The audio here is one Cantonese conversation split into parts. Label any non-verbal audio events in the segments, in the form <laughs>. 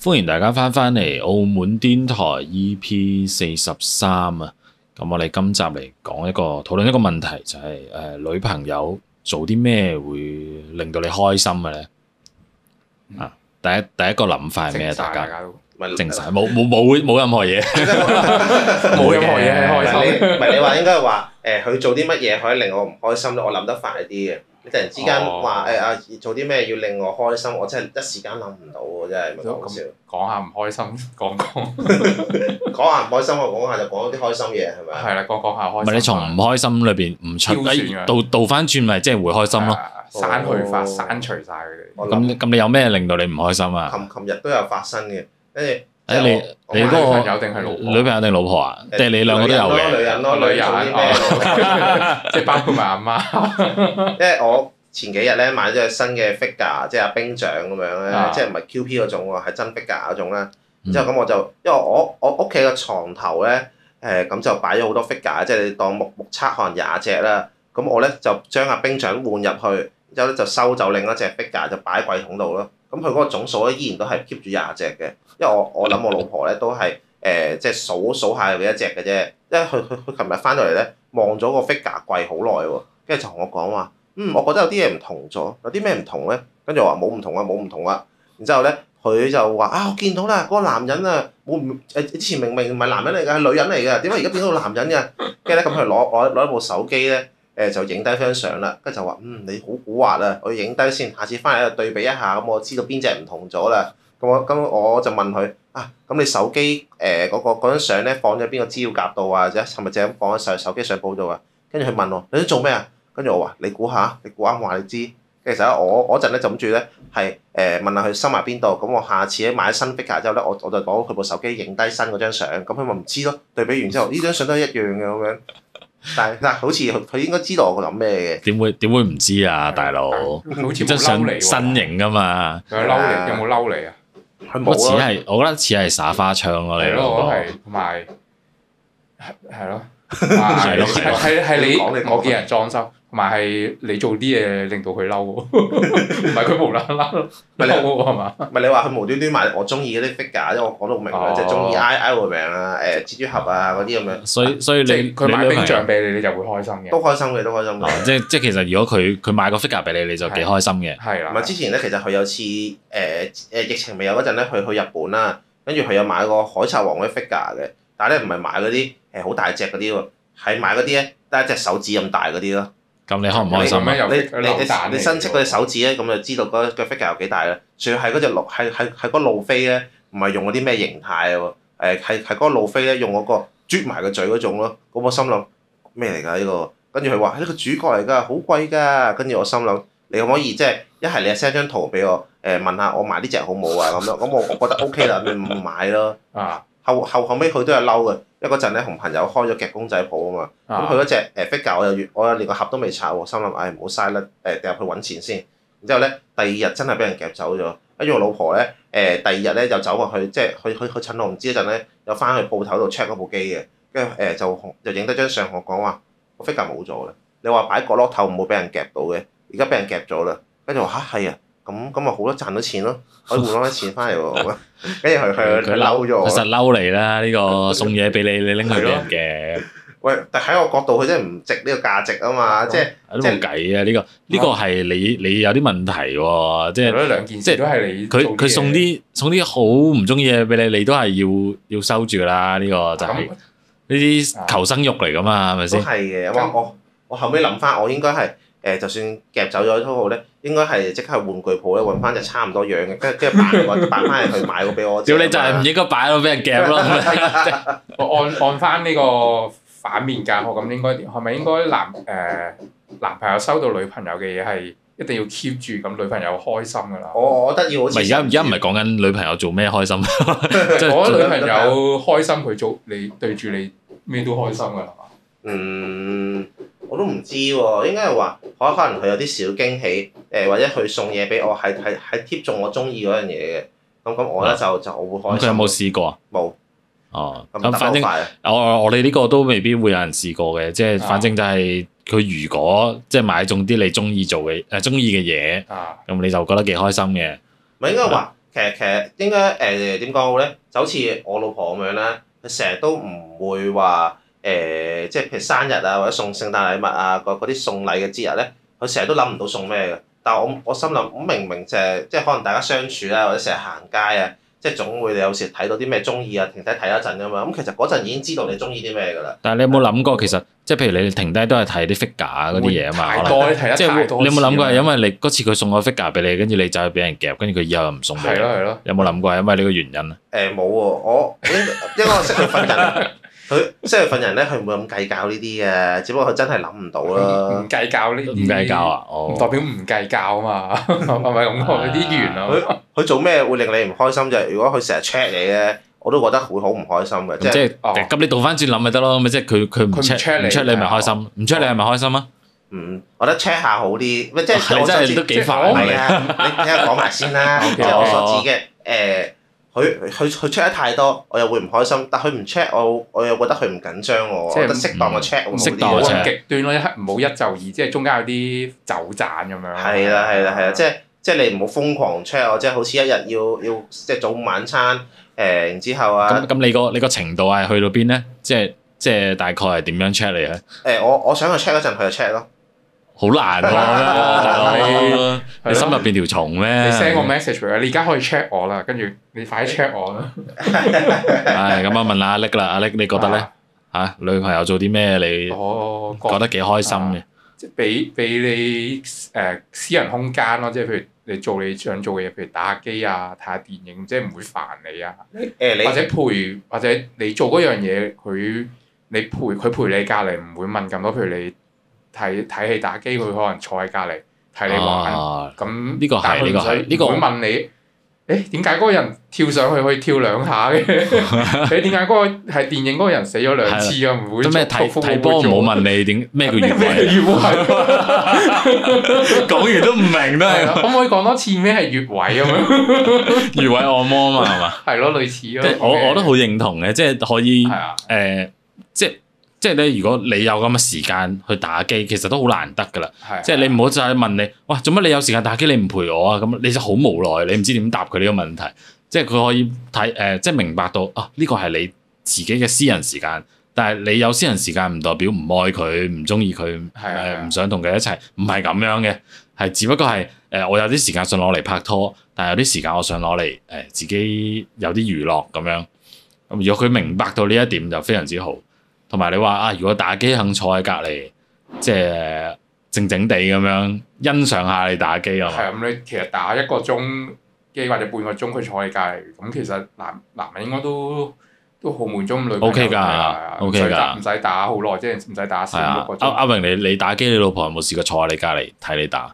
歡迎大家返返嚟澳門癲台 EP 四十三啊！咁我哋今集嚟講一個討論一個問題，就係誒女朋友做啲咩會令到你開心嘅咧？啊，第一第一個諗法係咩啊？大家咪靜晒，冇冇冇冇任何嘢，冇任何嘢開心。唔係你話應該係話誒佢做啲乜嘢可以令我唔開心咧？我諗得快啲。突然之間話誒、哦哎、啊，做啲咩要令我開心？我真係一時間諗唔到喎，真係咪講笑？講下唔開心，講講。講 <laughs> <laughs> 下唔開心，我講下就講啲開心嘢，係咪啊？係啦，講講下開心。係你從唔開心裏邊唔出低倒倒翻轉咪即係會開心咯，散去發散除晒佢哋。咁咁，你有咩令到你唔開心啊？琴琴日都有發生嘅，跟住。誒你你嗰個女朋友定係老婆啊？定係你兩個都有嘅。女人咯，女人，即係包括埋阿媽。因為我前幾日咧買咗隻新嘅 figure，即係阿冰象咁樣咧，即係唔係 QP 嗰種喎，係真 figure 嗰種咧。之後咁我就因為我我屋企嘅床頭咧，誒咁就擺咗好多 figure，即係當目目測可能廿隻啦。咁我咧就將阿冰象換入去，之後咧就收走另一隻 figure 就擺喺櫃桶度咯。咁佢嗰個總數咧依然都係 keep 住廿隻嘅，因為我我諗我老婆咧都係誒、呃、即係數數下幾多隻嘅啫，因為佢佢佢琴日翻到嚟咧望咗個 figure 櫃好耐喎，跟住就同我講話，嗯，我覺得有啲嘢唔同咗，有啲咩唔同咧？跟住我話冇唔同啊，冇唔同啊，然之後咧佢就話啊，我見到啦，個男人啊冇唔誒，之前明明唔係男人嚟㗎，係女人嚟㗎，點解而家變到男人㗎？跟住咧咁佢攞攞攞一部手機咧。誒就影低張相啦，跟住就話，嗯你好古惑啊，我影低先，下次翻嚟對比一下，咁我知道邊隻唔同咗啦。咁我咁我就問佢，啊咁、嗯、你手機誒嗰個張相咧放咗邊個資料夾度啊？或者係咪就咁放喺上手機相簿度啊？跟住佢問我，你想做咩啊？跟住我話，你估下，你估啱話你知。跟住其實我嗰陣咧就諗住咧係誒問下佢收埋邊度，咁我下次咧買新筆架之後咧，我我就攞佢部手機影低新嗰張相，咁佢話唔知咯，對比完之後呢張相都係一樣嘅咁樣。但嗱，好似佢應該知道我諗咩嘅。點會點會唔知啊，大佬！即係上嚟身形㗎嘛。佢嬲 <laughs> 吧你，有冇嬲你啊？佢冇。我似係，我覺得似係耍花槍咯、啊，你好多。係咯，我係同埋係係咯，係係係你我見人裝修。同埋係你做啲嘢令到佢嬲喎，唔係佢無啦啦嬲喎係嘛？唔係你話佢無端端買我中意嗰啲 figure 因為我講得好明，即係中意 I I 部名啦，誒蜘蛛俠啊嗰啲咁樣。所以所以你佢買兵將俾你，你就會開心嘅。都開心嘅，都開心嘅。即即其實如果佢佢買個 figure 俾你，你就幾開心嘅。係啦。之前咧，其實佢有次誒誒疫情未有嗰陣咧，佢去日本啦，跟住佢有買個海賊王嘅 figure 嘅，但係咧唔係買嗰啲誒好大隻嗰啲喎，係買嗰啲咧得一隻手指咁大嗰啲咯。咁你可唔可以？你你你伸出嗰隻手指咧，咁就知道嗰個 figure 有幾大啦。仲要係嗰隻路，係係係個路飛咧，唔係用嗰啲咩形態喎。誒係係個路飛咧，用嗰個啜埋個嘴嗰種咯。我心諗咩嚟㗎呢個？跟住佢話呢個主角嚟㗎，好貴㗎。跟住我心諗，你可唔可以即係一係你 send 張圖俾我？誒、呃、問下我買呢隻好唔好啊咁樣。咁我我覺得 OK 啦， <laughs> 你唔買咯。啊！ <laughs> 後後後尾佢都係嬲嘅。因為嗰陣咧，同朋友開咗夾公仔鋪啊嘛，咁佢嗰隻誒 figure 我又我又連個盒都未拆喎，心諗唉，唔好嘥啦，誒掉入去揾錢先。然之後咧，第二日真係俾人夾走咗。跟住我老婆咧，誒第二日咧就走過去，即係去佢佢趁我唔知一陣咧，又翻去鋪頭度 check 嗰部機嘅，跟住誒就就影得張相我講話，個 figure 冇咗啦。你話擺角落頭唔會俾人夾到嘅，而家俾人夾咗啦。跟住我話吓係啊！咁咁咪好多賺到錢咯，可以換多啲錢翻嚟喎。跟住佢佢佢嬲咗，佢實嬲嚟啦。呢個送嘢俾你，你拎去俾人嘅。喂，但喺我角度，佢真係唔值呢個價值啊嘛，即係都冇計啊。呢、呢個呢、嗯、個係你你有啲問題喎、啊，即係、嗯、即係都係你。佢佢送啲送啲好唔中意嘅俾你，你都係要要收住啦。呢、呢個就係呢啲求生慾嚟㗎嘛，係咪先？都係嘅。我我我後尾諗翻，我應該係。誒、欸，就算夾走咗都好，號咧，應該係即刻玩具鋪咧揾翻隻差唔多樣嘅，跟跟擺個百去買個俾我。屌，你就唔應該擺到俾人夾咯。我 <laughs> <laughs> 按按翻、這、呢個反面教學，咁應該係咪應該男誒、呃、男朋友收到女朋友嘅嘢係一定要 keep 住，咁女朋友開心噶啦、哦哦。我我覺得要，唔係而家而家唔係講緊女朋友做咩開心。我 <laughs> 女朋友開心，佢做你對住你咩都開心噶啦嗯。我都唔知喎、哦，應該係話，可能佢有啲小驚喜，誒、呃、或者佢送嘢俾我，係係係貼中我中意嗰樣嘢嘅，咁咁我咧就就我會開心。佢、嗯、有冇試過？冇有。哦，咁反正我我哋呢個都未必會有人試過嘅，即、就、係、是、反正就係佢如果即係、就是、買中啲你中意做嘅誒中意嘅嘢，咁、嗯、你就覺得幾開心嘅。唔係、嗯、應該話、嗯，其實其實應該誒點講好咧？就好似我老婆咁樣咧，佢成日都唔會話。誒、呃，即係譬如生日啊，或者送聖誕禮物啊，嗰啲送禮嘅節日咧，佢成日都諗唔到送咩嘅。但係我我心諗，我明明就係、是，即係可能大家相處咧，或者成日行街啊，即係總會有時睇到啲咩中意啊，停低睇一陣㗎嘛。咁其實嗰陣已經知道你中意啲咩㗎啦。但係你有冇諗過其實，即係譬如你停低都係睇啲 figure 啊嗰啲嘢啊嘛。太多可能你睇得太多。你有冇諗過係因為你嗰次佢送個 figure 俾你，跟住你就去俾人夾，跟住佢以後又唔送你。係咯係咯。有冇諗過係因為呢個原因啊？誒冇喎，因為我因 <laughs> 因為我識佢份人 <laughs> 佢即係份人咧，佢唔會咁計較呢啲嘅，只不過佢真係諗唔到啦。唔計較呢啲，唔計較啊！代表唔計較啊嘛，係咪咁講？啲怨啊！佢佢做咩會令你唔開心啫？如果佢成日 check 你咧，我都覺得會好唔開心嘅。即係咁你倒翻轉諗咪得咯？咪即係佢佢唔 check 唔 check 你咪開心？唔 check 你係咪開心啊？唔，我覺得 check 下好啲。喂，即係你都幾煩嘅。你你講埋先啦，即係我所指嘅誒。佢佢佢 check 得太多，我又會唔開心。但佢唔 check 我，我又覺得佢唔緊張我。即係適當嘅 check 會好啲喎。適當。極端咯，一刻唔好一就二，即係中間有啲走盞咁樣。係啦，係啦，係啦，即係即係你唔好瘋狂 check 我，即係好似一日要要即係早晚餐誒然之後啊。咁咁，你個你個程度係去到邊咧？即係即係大概係點樣 check 你咧？誒，我我想去 check 一陣，佢就 check 咯。好難咯，啊 <laughs> 你，你你心入邊條蟲咧？你 send 個 message 俾我，你而家可以 check 我啦，跟住你快啲 check 我啦。係咁我問下阿 Alex 啦，Alex 你覺得咧吓，啊啊，女朋友做啲咩你覺得幾開心嘅，啊？即係俾俾你誒，呃，私人空間咯，即係譬如你做你想做嘅嘢，譬如打下機啊，睇下電影，即係唔會煩你啊。誒，呃，或者陪或者你做嗰樣嘢，佢你陪佢陪你隔籬，唔會問咁多，譬如你。睇睇戲打機，佢可能坐喺隔離睇你玩，咁呢但係佢唔會問你，誒點解嗰個人跳上去可以跳兩下嘅？你點解嗰個係電影嗰個人死咗兩次嘅？唔會咩？睇波睇波冇問你點咩叫越位？越位？講完都唔明都係。可唔可以講多次咩係越位咁樣？越位按摩嘛係嘛？係咯，類似咯。我我都好認同嘅，即係可以誒，即係。即係咧，如果你有咁嘅時間去打機，其實都好難得㗎啦。啊、即係你唔好再係問你，哇，做乜你有時間打機，你唔陪我啊？咁你就好無奈，你唔知點答佢呢個問題。即係佢可以睇誒、呃，即係明白到啊，呢、這個係你自己嘅私人時間。但係你有私人時間唔代表唔愛佢、唔中意佢、唔、啊呃、想同佢一齊，唔係咁樣嘅。係只不過係誒、呃，我有啲時間想攞嚟拍拖，但係有啲時間我想攞嚟誒自己有啲娛樂咁樣、呃。如果佢明白到呢一點就非常之好。同埋你話啊，如果打機肯坐喺隔籬，即係靜靜地咁樣欣賞下你打機啊，係咁你其實打一個鐘機或者半個鐘，佢坐喺隔籬，咁其實男男人應該都都好滿足，女 O K 㗎，O K 㗎，唔使、啊 okay、打好耐，即係唔使打成六個鐘。阿阿明，你你打機，你老婆有冇試過坐喺你隔籬睇你打？誒、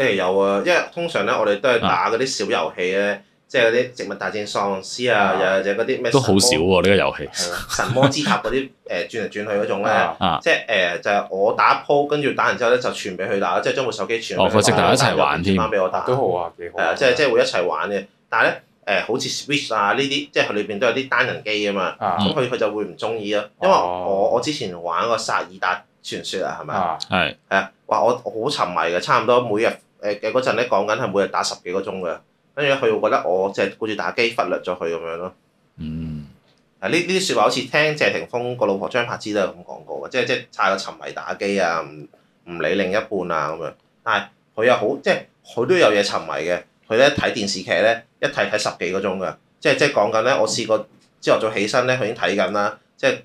欸、有啊，因為通常咧，我哋都係打嗰啲小遊戲咧。嗯即係嗰啲植物大戰喪屍啊，又或者嗰啲咩都好少呢個遊戲，神魔之塔嗰啲誒轉嚟轉去嗰種咧，即係誒就係我打一鋪，跟住打完之後咧就傳俾佢打，即係將部手機傳俾我，佢即係一齊玩添，都好啊，幾好。係啊，即係即係會一齊玩嘅。但係咧誒，好似 Switch 啊呢啲，即係佢裏邊都有啲單人機啊嘛。咁佢佢就會唔中意咯，因為我我之前玩個薩爾達傳説啊，係咪啊？係係啊，哇！我好沉迷嘅，差唔多每日誒嘅嗰陣咧講緊係每日打十幾個鐘嘅。跟住佢會覺得我隻顧住打機，忽略咗佢咁樣咯。嗯。啊！呢呢啲説話好似聽謝霆鋒個老婆張柏芝都有咁講過嘅，即係即係齋個沉迷打機啊，唔唔理另一半啊咁樣。但係佢又好，即係佢都有嘢沉迷嘅。佢咧睇電視劇咧，一睇睇十幾個鐘㗎。即係即係講緊咧，我試過朝頭早起身咧，佢已經睇緊啦。即係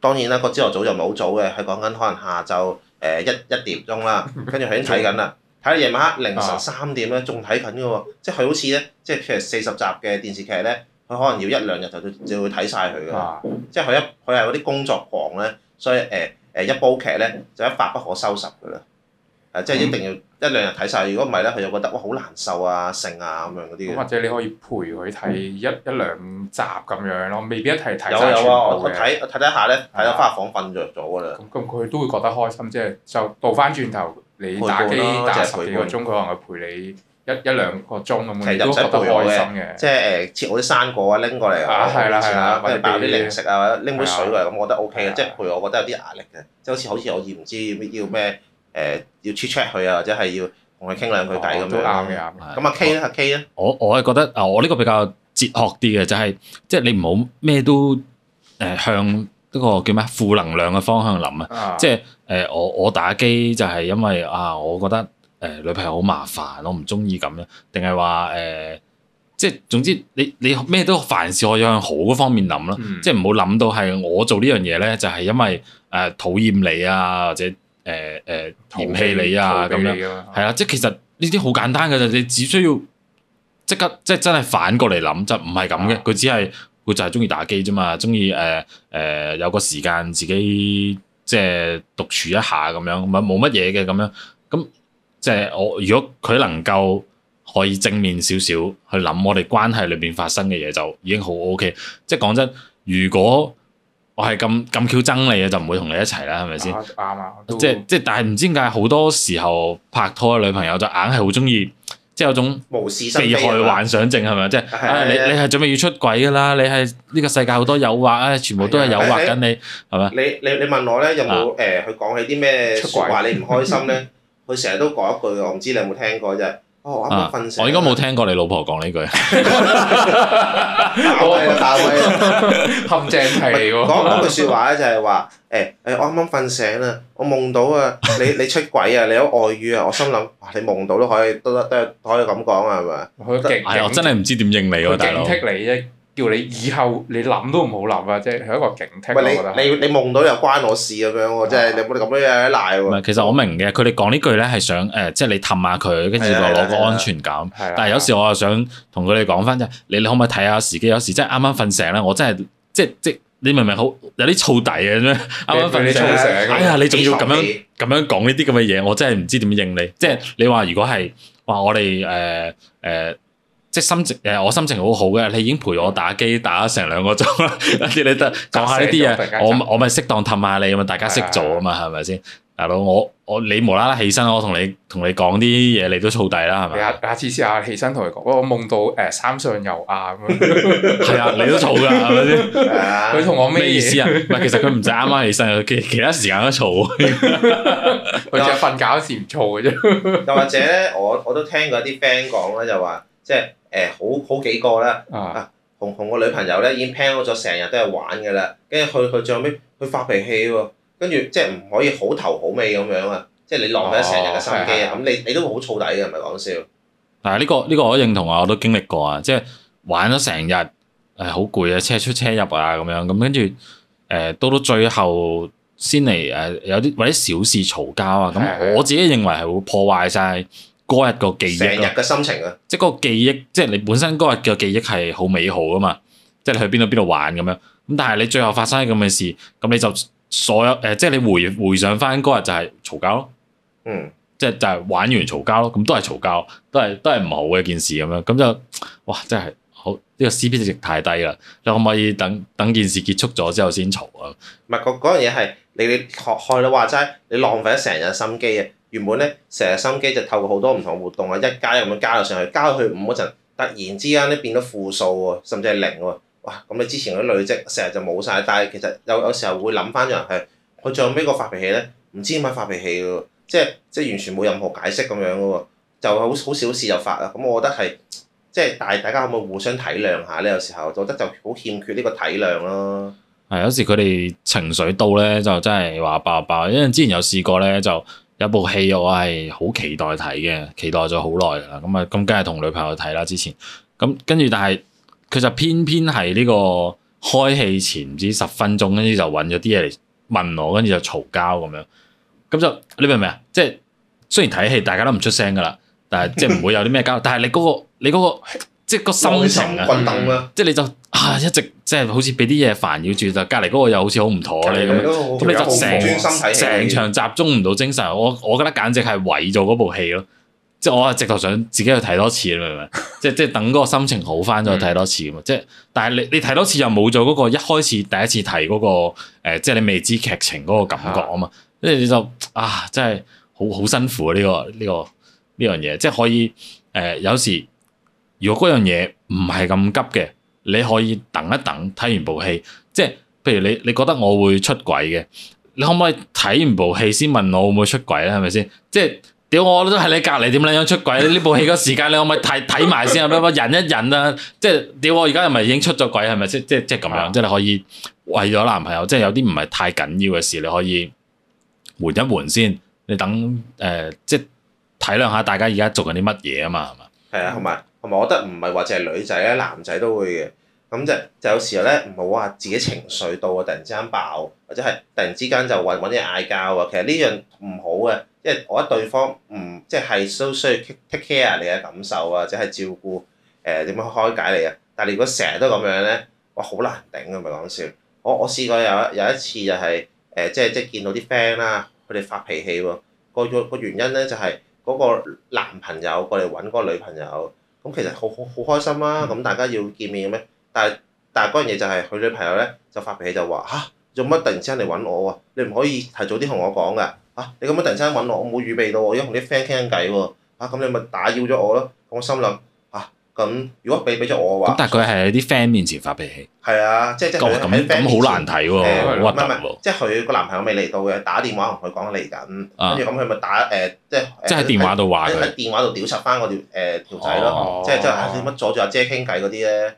當然啦，個朝頭早就冇好早嘅，佢講緊可能下晝誒、呃、一一,一,一點鐘啦，跟住佢已經睇緊啦。 <laughs> 喺夜晚黑凌晨三點咧，仲睇緊㗎喎，即係好似咧，即係譬如四十集嘅電視劇咧，佢可能要一兩日就就會睇晒佢㗎，啊、即係佢一佢係嗰啲工作狂咧，所以誒誒、呃、一煲劇咧就一發不可收拾㗎啦，即係一定要一兩日睇晒，如果唔係咧，佢就覺得哇好難受啊剩啊咁樣嗰啲。或者你可以陪佢睇一一兩集咁樣咯，未必一齊睇曬我睇睇睇下咧，睇到翻入房瞓着咗㗎啦。咁佢都會覺得開心，即係就倒翻轉頭。你打機打十幾個鐘，佢可能陪你一一兩個鐘咁樣，其實都覺得開心嘅。即係誒，切好啲生果啊，拎過嚟啊，係啦係啦，或者擺啲零食啊，拎杯水過嚟，咁我覺得 O K 嘅。即係陪我覺得有啲壓力嘅，即係好似好似我要唔知要咩誒要 chat chat 佢啊，或者係要同佢傾兩句偈咁樣。都啱嘅，啱嘅。咁阿 K 啊阿 K 啊！我我係覺得啊，我呢個比較哲學啲嘅，就係即係你唔好咩都誒向，一個叫咩負能量嘅方向諗啊！啊即係誒、呃、我我打機就係因為啊，我覺得誒、呃、女朋友好麻煩，我唔中意咁樣，定係話誒即係總之你你咩都凡事可以向好嗰方面諗啦、啊，嗯、即係唔好諗到係我做呢樣嘢咧就係因為誒、呃、討厭你啊，或者誒誒、呃、嫌棄你啊咁、啊、樣，係啊，即係其實呢啲好簡單㗎啫，你只需要刻即刻即真係反過嚟諗就唔係咁嘅，佢只係。佢就係中意打機啫嘛，中意誒誒有個時間自己即係獨處一下咁樣，咪冇乜嘢嘅咁樣。咁即係我如果佢能夠可以正面少少去諗我哋關係裏邊發生嘅嘢，就已經好 OK。即係講真，如果我係咁咁嬌憎你嘅，就唔會同你一齊啦，係咪先？啱啊！啊啊即係即係，啊、但係唔知點解好多時候拍拖嘅女朋友就硬係好中意。即係有種被害幻想症係咪即係，你你係準備要出軌㗎啦！你係呢個世界好多誘惑，啊全部都係誘惑緊你，係咪？你你你問我咧，有冇誒佢講起啲咩出軌話你唔開心咧？佢成日都講一句，我唔知你有冇聽過啫。我啱啱瞓醒，我應該冇聽過你老婆講呢句。搞嘢，搞嘢，黑正氣喎。講講句説話咧，就係話，誒誒，我啱啱瞓醒啦，我夢到啊，你你出軌啊，你喺外遇啊，我心諗，哇，你夢到都可以，都都都可以咁講啊，係咪啊？佢極，係我真係唔知點應你喎，大佬。佢警惕你啫。叫你以後你諗都唔好諗啊！即係係一個警惕你，我覺得，你你夢到又關我事咁樣喎，即係你冇得咁樣賴喎？其實我明嘅，佢哋講呢句咧係想誒、呃，即係你氹下佢，跟住就攞個安全感。但係有時我又想同佢哋講翻啫，你你可唔可以睇下時機？有時即係啱啱瞓醒咧，我真係即即你明明好有啲燥底嘅咁樣，啱啱瞓醒。你嗯、哎呀，你仲要咁樣咁樣講呢啲咁嘅嘢，我真係唔知點應你。即係你話如果係話我哋誒誒。呃呃呃即係心情誒，我心情好好嘅，你已經陪我打機打咗成兩個鐘，跟住你得講下呢啲嘢，我我咪適當氹下你，咪大家識做啊嘛，係咪先？大佬，我我你無啦啦起身，我同你同你講啲嘢，你都燥底啦，係咪？下次試下起身同佢講，我夢到誒三上悠亞咁，係啊，你都燥㗎，係咪先？佢同我咩意思啊？唔係，其實佢唔使啱啱起身，其其他時間都燥，佢就瞓覺嗰時唔燥嘅啫。又或者咧，我我都聽過啲 friend 講咧，就話即係。誒、欸、好好幾個啦，啊，同同個女朋友咧已經 plan 咗成日都係玩㗎啦，跟住去去最後尾，佢發脾氣喎、喔，跟住即係唔可以好頭好尾咁樣啊，即係你浪費咗成日嘅心機啊，咁、哦、你你都會好燥底嘅，唔係講笑。係呢、呢個呢、呢個我都認同啊，我都經歷過啊，即係玩咗成日，誒好攰啊，車出車入啊咁樣，咁跟住誒到到最後先嚟誒、呃、有啲為啲小事嘈交啊，咁我自己認為係會破壞晒。嗰日個記憶，成日嘅心情啊！即係嗰個記憶，即係你本身嗰日嘅記憶係好美好啊嘛！即係你去邊度邊度玩咁樣，咁但係你最後發生咁嘅事，咁你就所有誒，即係你回回想翻嗰日就係嘈交咯，嗯，即係就係玩完嘈交咯，咁都係嘈交，都係都係唔好嘅件事咁樣，咁就哇真係好呢個 CP 值太低啦！你可唔可以等等件事結束咗之後先嘈啊？唔係嗰樣嘢係你學學你話齋，你浪費咗成日心機啊！原本咧，成日心機就透過好多唔同活動啊，一加又咪加落上去，加到去五嗰陣，突然之間咧變咗負數喎，甚至係零喎，哇！咁你之前嗰啲累積，成日就冇晒，但係其實有有時候會諗翻人係，佢最後尾個發脾氣咧，唔知點解發脾氣嘅喎，即係即係完全冇任何解釋咁樣嘅喎，就好好小事就發啦。咁我覺得係，即係大大家可唔可以互相體諒下咧？有時候覺得就好欠缺呢個體諒咯、啊。係、嗯、有時佢哋情緒到咧，就真係話爆爆，因為之前有試過咧就。有部戲我係好期待睇嘅，期待咗好耐啦。咁啊，咁梗係同女朋友睇啦。之前咁跟住，但係佢就偏偏係呢個開戲前唔知十分鐘，跟住就揾咗啲嘢嚟問我，跟住就嘈交咁樣。咁就你明唔明啊？即係雖然睇戲大家都唔出聲噶啦，但係即係唔會有啲咩交。但係你嗰個你嗰個。即係個心情啊，即係你就啊，一直即係好似俾啲嘢煩擾住就，隔離嗰個又好似好唔妥你咁，咁你就成成場集中唔到精神，我我覺得簡直係毀咗嗰部戲咯。即係我係直頭想自己去睇多次，你明唔明？即係即係等嗰個心情好返再睇多次嘅嘛。即係，但係你你睇多次又冇咗嗰個一開始第一次睇嗰個誒，即係你未知劇情嗰個感覺啊嘛。跟你就啊，真係好好辛苦呢個呢個呢樣嘢，即係可以誒有時。如果嗰樣嘢唔係咁急嘅，你可以等一等，睇完部戲。即係譬如你，你覺得我會出軌嘅，你可唔可以睇完部戲先問我會唔會出軌咧？係咪先？即係屌我都喺你隔離，點樣樣出軌？呢 <laughs> 部戲個時間，你可唔可以睇睇埋先忍一忍啊？即係屌我而家係咪已經出咗軌係咪先？即即即咁樣，即係、嗯、你可以為咗男朋友，即係有啲唔係太緊要嘅事，你可以緩一緩先。你等誒、呃，即係體諒下大家而家做緊啲乜嘢啊嘛？係嘛？係啊、嗯，好嘛。說係咪？我覺得唔係話淨係女仔咧，男仔都會嘅。咁就就有時候咧，唔好話自己情緒到啊，突然之間爆，或者係突然之間就揾揾嘢嗌交啊。其實呢樣唔好嘅，因為我覺得對方唔即係都需要 take care 你嘅感受啊，或者係照顧誒點、呃、樣開解你啊。但係如果成日都咁樣咧，哇好難頂啊！唔係講笑，我我試過有有一次就係、是、誒、呃，即係即係見到啲 friend 啦，佢哋發脾氣喎。個個原因咧就係、是、嗰個男朋友過嚟揾嗰個女朋友。咁其實好好好開心啊！咁、嗯、大家要見面嘅咩？但係但係嗰樣嘢就係、是、佢女朋友咧，就發脾氣就話嚇，做、啊、乜突然之間嚟搵我、啊、你唔可以提早啲同我講嘅嚇，你咁樣突然之間搵我，我冇預備到，我而家同啲 friend 傾緊偈喎，咁你咪打擾咗我咯、啊。咁我心諗。咁如果俾俾咗我嘅話，咁但係佢係喺啲 friend 面前發脾氣，係啊，即即係喺 friend 面前，咁好難睇，唔係唔係，即係佢個男朋友未嚟到嘅，打電話同佢講嚟緊，跟住咁佢咪打誒，即係即喺電話度話佢，喺電話度屌柒翻個、呃、條誒條仔咯，即即係乜阻住阿姐傾偈嗰啲咧，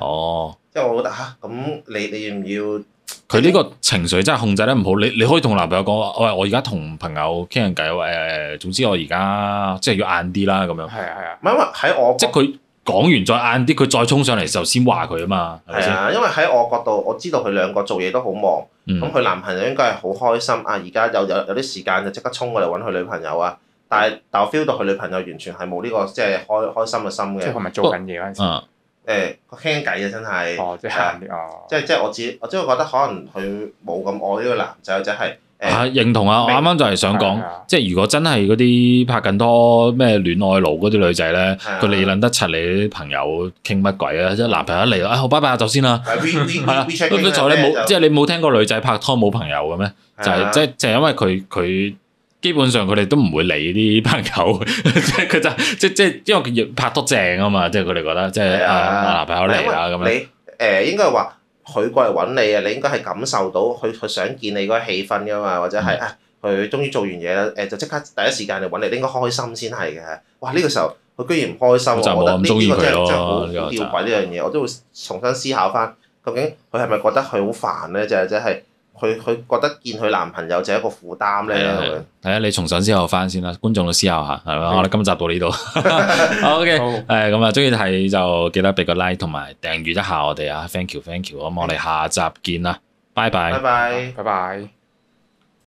哦，即係、啊哦、我覺得嚇，咁、啊啊、你你，你要唔要？佢呢個情緒真係控制得唔好，你你可以同男朋友講：喂，我而家同朋友傾緊偈，誒，總之我而家即係要晏啲啦咁樣。係啊係啊，唔係因為喺我即係佢講完再晏啲，佢再衝上嚟時候先話佢啊嘛。係啊，因為喺我角度，我知道佢兩個做嘢都好忙，咁佢、嗯、男朋友應該係好開心啊！而家有有有啲時間就即刻衝過嚟揾佢女朋友啊。但係但我 feel 到佢女朋友完全係冇呢個即係開開心嘅心嘅，即係佢咪做緊嘢嗰陣時.誒個傾偈啊，欸、真係、哦，即係即係我只，我即係覺得可能佢冇咁愛呢個男仔，或者係誒認同啊！沒我啱啱就係想講，啊、即係如果真係嗰啲拍緊拖咩戀愛腦嗰啲女仔咧，佢理論得柒你啲朋友傾乜鬼、就是、啊？即係男朋友一嚟啊，好拜拜啊，走先啦，係啦，WhatsApp 咧冇，即係你冇聽過女仔拍拖冇朋友嘅咩？就係即係，就係因為佢佢。基本上佢哋都唔會理呢班狗，即係佢就即即因為佢拍得正啊嘛，即係佢哋覺得即係男朋友嚟啊咁你，誒樣、呃、應該係話佢過嚟揾你啊，你應該係感受到佢佢想見你嗰個氣氛噶嘛，或者係佢、嗯啊、終於做完嘢啦，誒、呃、就即刻第一時間嚟揾你，你應該開心先係嘅。哇！呢、呢個時候佢居然唔開心，就覺得呢呢真係弔詭呢樣嘢，我都會重新思考翻。究竟佢係咪覺得佢好煩咧？就係即係。佢佢覺得見佢男朋友就係一個負擔咧。係啊，你從上思考翻先啦，觀眾都思考下，係嘛？是的 我哋今集到呢度。OK，誒咁啊，中意睇就記得俾個 like 同埋訂閱一下我哋啊，thank you，thank you，咁 you. 我哋下集見啦，拜拜，拜拜，拜拜。